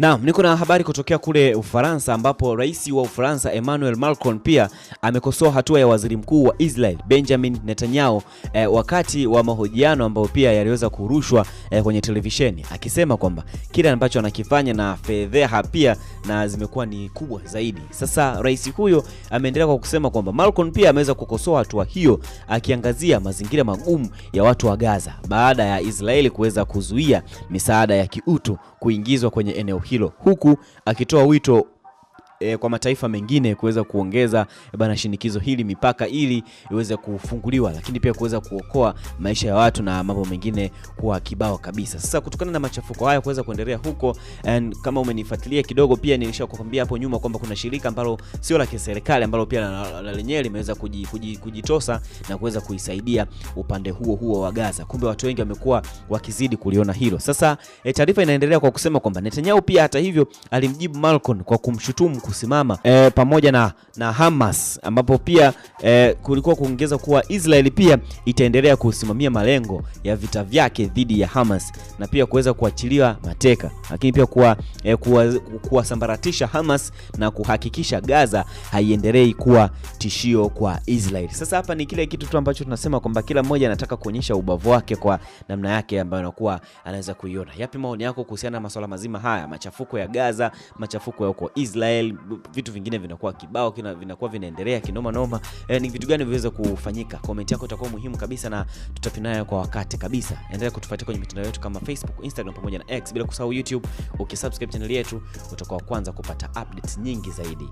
Naam, niko na habari kutokea kule Ufaransa ambapo rais wa Ufaransa Emmanuel Macron pia amekosoa hatua ya waziri mkuu wa Israel Benjamin Netanyahu eh, wakati wa mahojiano ambayo pia yaliweza kurushwa eh, kwenye televisheni akisema kwamba kile ambacho anakifanya na fedheha pia na zimekuwa ni kubwa zaidi. Sasa rais huyo ameendelea kwa kusema kwamba Macron pia ameweza kukosoa hatua hiyo akiangazia mazingira magumu ya watu wa Gaza baada ya Israeli kuweza kuzuia misaada ya kiutu kuingizwa kwenye eneo hilo, huku akitoa wito e, kwa mataifa mengine kuweza kuongeza e, bana shinikizo hili mipaka ili iweze kufunguliwa, lakini pia kuweza kuokoa maisha ya watu na mambo mengine kuwa kibao kabisa. Sasa kutokana na machafuko haya kuweza kuendelea huko and, kama umenifuatilia kidogo, pia nilishakwambia hapo nyuma kwamba kuna shirika ambalo sio la kiserikali ambalo pia la lenyewe limeweza kujitosa na kuweza kuisaidia upande huo huo wa Gaza. Kumbe watu wengi wamekuwa wakizidi kuliona hilo. Sasa e, taarifa inaendelea kwa kusema kwamba Netanyahu pia hata hivyo alimjibu Malcolm kwa kumshutumu kusimama e, pamoja na, na Hamas ambapo pia e, kulikuwa kuongeza kuwa Israel pia itaendelea kusimamia malengo ya vita vyake dhidi ya Hamas na pia kuweza kuachilia mateka, lakini pia kuwa, e, kuwa, kuwasambaratisha Hamas na kuhakikisha Gaza haiendelei kuwa tishio kwa Israel. Sasa hapa ni kile kitu tu ambacho tunasema kwamba kila mmoja anataka kuonyesha ubavu wake kwa namna yake ambayo anakuwa anaweza kuiona. Yapi maoni yako kuhusiana na masuala mazima haya, machafuko ya Gaza, machafuko ya huko Israel, vitu vingine vinakuwa kibao vinakuwa vinaendelea kinoma noma. E, ni vitu gani viweze kufanyika? Komenti yako itakuwa muhimu kabisa na tutapinayo kwa wakati kabisa. Endelea kutufuatia kwenye mitandao yetu kama Facebook, Instagram pamoja na X, bila kusahau YouTube. Ukisubscribe channel yetu utakuwa kwanza kupata updates nyingi zaidi.